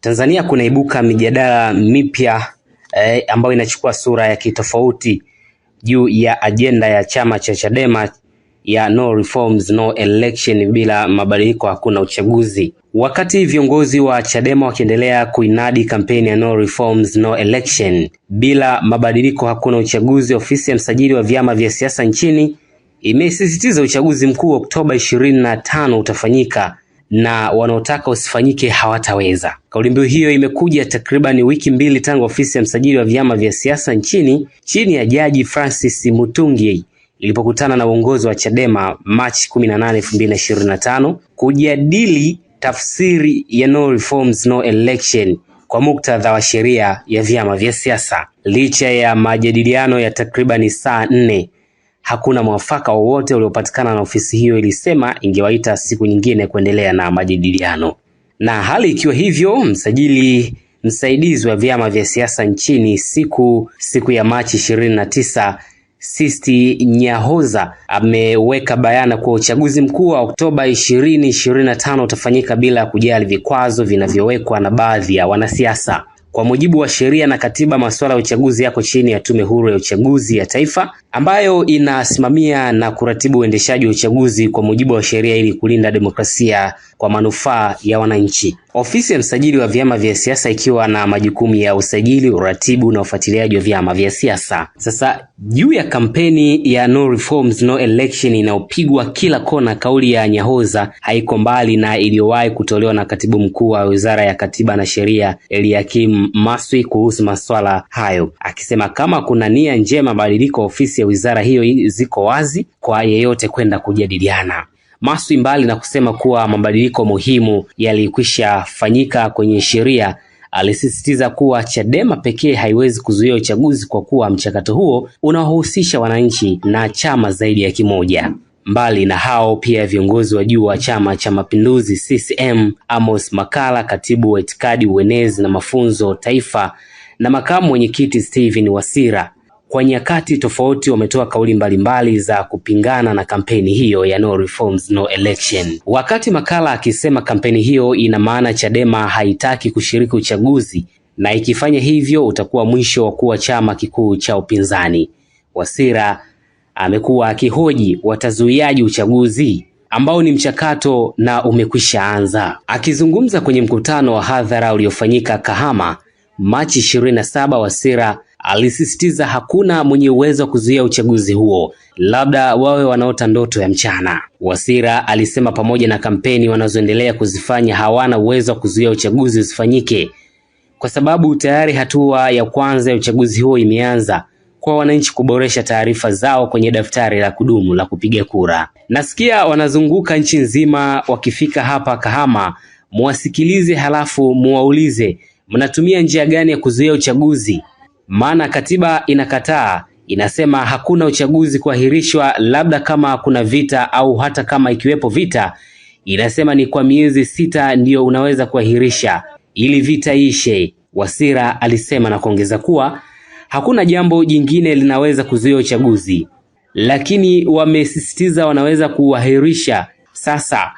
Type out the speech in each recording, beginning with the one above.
Tanzania kunaibuka mijadala mipya eh, ambayo inachukua sura ya kitofauti juu ya ajenda ya chama cha Chadema ya no reforms, no election, bila mabadiliko hakuna uchaguzi. Wakati viongozi wa Chadema wakiendelea kuinadi kampeni ya no reforms, no election, bila mabadiliko hakuna uchaguzi, ofisi ya msajili wa vyama vya siasa nchini imesisitiza uchaguzi mkuu Oktoba 25 utafanyika na wanaotaka usifanyike hawataweza. Kauli mbiu hiyo imekuja takriban wiki mbili tangu ofisi ya msajili wa vyama vya siasa nchini chini ya Jaji Francis Mutungi ilipokutana na uongozi wa Chadema Machi 18, 2025 kujadili tafsiri ya no reforms, no election kwa muktadha wa sheria ya vyama vya siasa. Licha ya majadiliano ya takribani saa nne hakuna mwafaka wowote uliopatikana na ofisi hiyo ilisema ingewaita siku nyingine kuendelea na majadiliano. Na hali ikiwa hivyo, msajili msaidizi wa vyama vya siasa nchini siku siku ya Machi 29 Sisti Nyahoza ameweka bayana kuwa uchaguzi mkuu wa Oktoba 2025 utafanyika bila kujali vikwazo vinavyowekwa na baadhi ya wanasiasa. Kwa mujibu wa sheria na katiba, masuala ya uchaguzi yako chini ya Tume Huru ya Uchaguzi ya Taifa ambayo inasimamia na kuratibu uendeshaji wa uchaguzi kwa mujibu wa sheria ili kulinda demokrasia kwa manufaa ya wananchi. Ofisi ya msajili wa vyama vya siasa ikiwa na majukumu ya usajili, uratibu na ufuatiliaji wa vyama vya siasa. Sasa juu ya kampeni ya no reforms, no election inayopigwa kila kona, kauli ya Nyahoza haiko mbali na iliyowahi kutolewa na katibu mkuu wa Wizara ya Katiba na Sheria Eliakim Maswi kuhusu masuala hayo, akisema kama kuna nia njema mabadiliko ofisi ya wizara hiyo ziko wazi kwa yeyote kwenda kujadiliana. Maswi mbali na kusema kuwa mabadiliko muhimu yalikwisha fanyika kwenye sheria, alisisitiza kuwa Chadema pekee haiwezi kuzuia uchaguzi kwa kuwa mchakato huo unawahusisha wananchi na chama zaidi ya kimoja. Mbali na hao pia viongozi wa juu wa Chama cha Mapinduzi CCM, Amos Makala, katibu wa itikadi, uenezi na mafunzo taifa, na makamu mwenyekiti Steven Wasira kwa nyakati tofauti wametoa kauli mbalimbali mbali za kupingana na kampeni hiyo ya no reforms no election. Wakati Makala akisema kampeni hiyo ina maana Chadema haitaki kushiriki uchaguzi na ikifanya hivyo utakuwa mwisho wa kuwa chama kikuu cha upinzani. Wasira amekuwa akihoji watazuiaji uchaguzi ambao ni mchakato na umekwisha anza. Akizungumza kwenye mkutano wa hadhara uliofanyika Kahama Machi 27, Wasira alisisitiza hakuna mwenye uwezo wa kuzuia uchaguzi huo, labda wawe wanaota ndoto ya mchana. Wasira alisema pamoja na kampeni wanazoendelea kuzifanya hawana uwezo wa kuzuia uchaguzi usifanyike, kwa sababu tayari hatua ya kwanza ya uchaguzi huo imeanza kwa wananchi kuboresha taarifa zao kwenye daftari la kudumu la kupiga kura. Nasikia wanazunguka nchi nzima, wakifika hapa Kahama muwasikilize, halafu muwaulize mnatumia njia gani ya kuzuia uchaguzi maana katiba inakataa inasema hakuna uchaguzi kuahirishwa, labda kama kuna vita au hata kama ikiwepo vita, inasema ni kwa miezi sita ndiyo unaweza kuahirisha ili vita ishe. Wasira alisema na kuongeza kuwa hakuna jambo jingine linaweza kuzuia uchaguzi, lakini wamesisitiza wanaweza kuahirisha. Sasa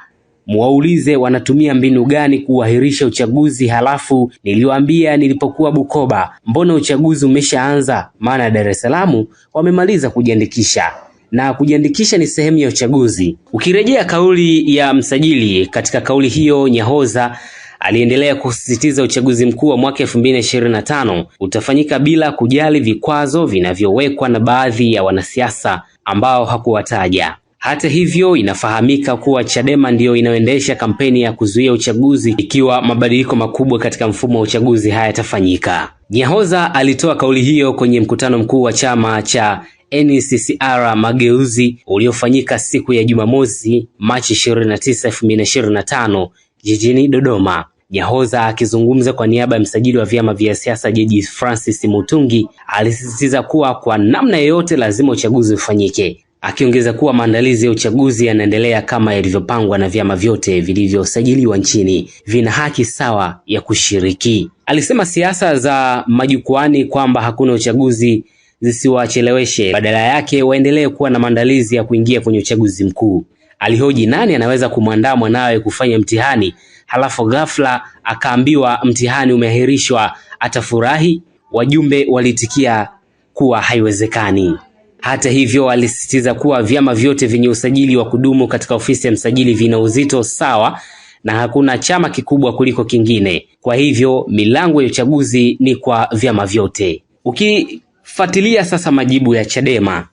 muwaulize wanatumia mbinu gani kuahirisha uchaguzi. Halafu niliwaambia nilipokuwa Bukoba, mbona uchaguzi umeshaanza? Maana Dar es Salaam wamemaliza kujiandikisha na kujiandikisha ni sehemu ya uchaguzi. Ukirejea kauli ya msajili, katika kauli hiyo Nyahoza aliendelea kusisitiza uchaguzi mkuu wa mwaka 2025 utafanyika bila kujali vikwazo vinavyowekwa na baadhi ya wanasiasa ambao hakuwataja. Hata hivyo, inafahamika kuwa Chadema ndiyo inayoendesha kampeni ya kuzuia uchaguzi ikiwa mabadiliko makubwa katika mfumo wa uchaguzi hayatafanyika. Nyahoza alitoa kauli hiyo kwenye mkutano mkuu wa chama cha NCCR Mageuzi uliofanyika siku ya Jumamosi, Machi 29, 2025 jijini Dodoma. Nyahoza akizungumza kwa niaba ya msajili wa vyama vya siasa Jaji Francis Mutungi alisisitiza kuwa kwa namna yoyote lazima uchaguzi ufanyike akiongeza kuwa maandalizi ya uchaguzi yanaendelea kama yalivyopangwa na vyama vyote vilivyosajiliwa nchini vina haki sawa ya kushiriki. Alisema siasa za majukwaani kwamba hakuna uchaguzi zisiwacheleweshe, badala yake waendelee kuwa na maandalizi ya kuingia kwenye uchaguzi mkuu. Alihoji nani anaweza kumwandaa mwanawe kufanya mtihani halafu ghafla akaambiwa mtihani umeahirishwa, atafurahi? Wajumbe walitikia kuwa haiwezekani. Hata hivyo, alisisitiza kuwa vyama vyote vyenye usajili wa kudumu katika ofisi ya msajili vina uzito sawa na hakuna chama kikubwa kuliko kingine. Kwa hivyo milango ya uchaguzi ni kwa vyama vyote. Ukifuatilia sasa majibu ya Chadema,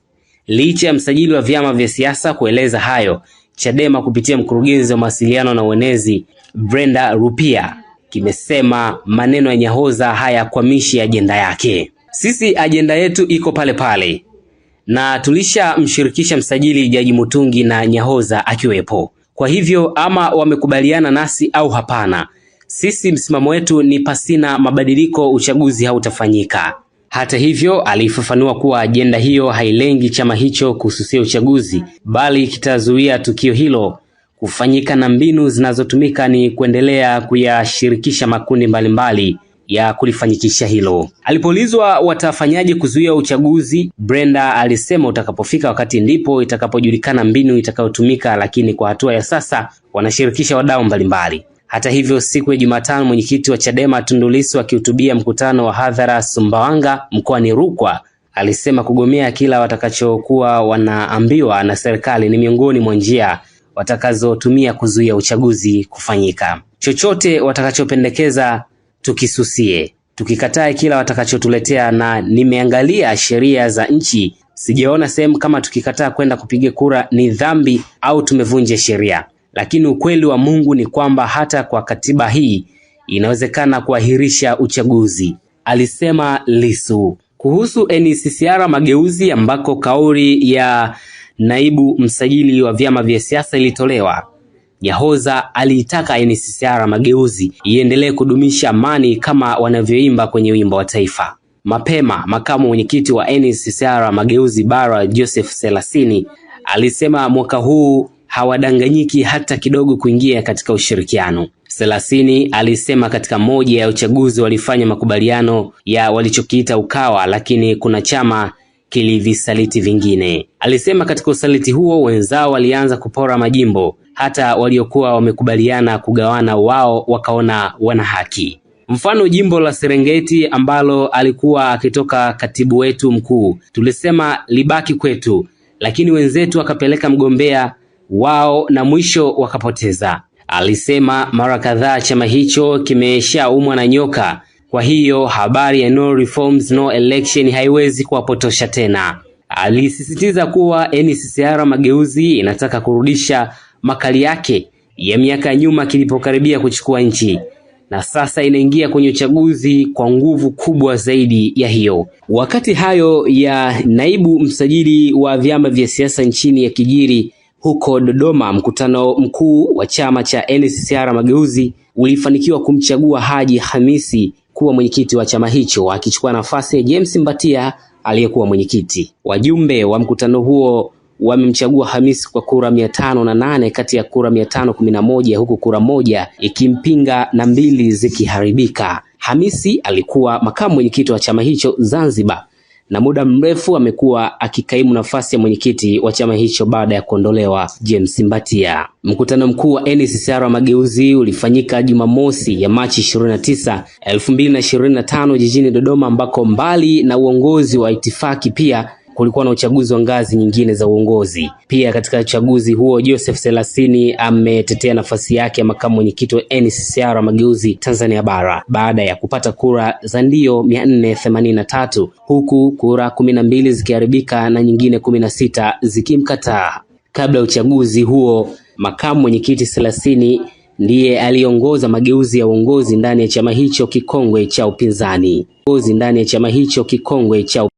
licha ya msajili wa vyama vya siasa kueleza hayo, Chadema kupitia mkurugenzi wa mawasiliano na uenezi Brenda Rupia kimesema maneno ya Nyahoza hayakwamishi ajenda yake. Sisi ajenda yetu iko pale pale, na tulishamshirikisha msajili Jaji Mutungi na Nyahoza akiwepo. Kwa hivyo ama wamekubaliana nasi au hapana, sisi msimamo wetu ni pasina mabadiliko uchaguzi hautafanyika. Hata hivyo, alifafanua kuwa ajenda hiyo hailengi chama hicho kususia uchaguzi, bali kitazuia tukio hilo kufanyika na mbinu zinazotumika ni kuendelea kuyashirikisha makundi mbalimbali mbali ya kulifanikisha hilo. Alipoulizwa watafanyaje kuzuia uchaguzi, Brenda alisema utakapofika wakati ndipo itakapojulikana mbinu itakayotumika, lakini kwa hatua ya sasa wanashirikisha wadau mbalimbali. Hata hivyo, siku ya Jumatano, mwenyekiti wa Chadema Tundu Lissu akihutubia mkutano wa hadhara Sumbawanga mkoani Rukwa alisema kugomea kila watakachokuwa wanaambiwa na serikali ni miongoni mwa njia watakazotumia kuzuia uchaguzi kufanyika. Chochote watakachopendekeza tukisusie, tukikatae kila watakachotuletea, na nimeangalia sheria za nchi, sijaona sehemu kama tukikataa kwenda kupiga kura ni dhambi au tumevunja sheria. Lakini ukweli wa Mungu ni kwamba hata kwa katiba hii inawezekana kuahirisha uchaguzi, alisema Lissu. Kuhusu NCCR Mageuzi ambako kauli ya naibu msajili wa vyama vya siasa ilitolewa Yahoza aliitaka NCCR Mageuzi iendelee kudumisha amani kama wanavyoimba kwenye wimbo wa taifa. Mapema makamu mwenyekiti wa NCCR Mageuzi Bara Joseph Selasini alisema mwaka huu hawadanganyiki hata kidogo kuingia katika ushirikiano. Selasini alisema katika moja ya uchaguzi walifanya makubaliano ya walichokiita Ukawa, lakini kuna chama kilivisaliti vingine. Alisema katika usaliti huo wenzao walianza kupora majimbo hata waliokuwa wamekubaliana kugawana wao wakaona wana haki. Mfano, jimbo la Serengeti ambalo alikuwa akitoka katibu wetu mkuu, tulisema libaki kwetu, lakini wenzetu wakapeleka mgombea wao na mwisho wakapoteza. Alisema mara kadhaa chama hicho kimeshaumwa na nyoka, kwa hiyo habari ya no reforms no election haiwezi kuwapotosha tena. Alisisitiza kuwa NCCR Mageuzi inataka kurudisha makali yake ya miaka ya nyuma kilipokaribia kuchukua nchi na sasa inaingia kwenye uchaguzi kwa nguvu kubwa zaidi ya hiyo. Wakati hayo ya naibu msajili wa vyama vya siasa nchini ya kijiri huko Dodoma, mkutano mkuu wa chama cha NCCR Mageuzi ulifanikiwa kumchagua Haji Hamisi kuwa mwenyekiti wa chama hicho akichukua nafasi ya James Mbatia aliyekuwa mwenyekiti. Wajumbe wa mkutano huo wamemchagua Hamisi kwa kura mia tano na nane kati ya kura mia tano kumi na moja huku kura moja ikimpinga na mbili zikiharibika. Hamisi alikuwa makamu mwenyekiti wa chama hicho Zanzibar na muda mrefu amekuwa akikaimu nafasi ya mwenyekiti wa chama hicho baada ya kuondolewa James Mbatia. Mkutano mkuu wa NCCR wa mageuzi ulifanyika Jumamosi ya Machi 29, 2025 jijini Dodoma ambako mbali na uongozi wa itifaki pia kulikuwa na uchaguzi wa ngazi nyingine za uongozi. Pia katika uchaguzi huo Joseph Selasini ametetea nafasi yake ya makamu mwenyekiti wa NCCR Mageuzi Tanzania Bara baada ya kupata kura za ndio 483 huku kura kumi na mbili zikiharibika na nyingine kumi na sita zikimkataa. Kabla ya uchaguzi huo, makamu mwenyekiti Selasini ndiye aliongoza mageuzi ya uongozi ndani ya chama hicho kikongwe cha upinzani. Uongozi ndani ya chama hicho kikongwe cha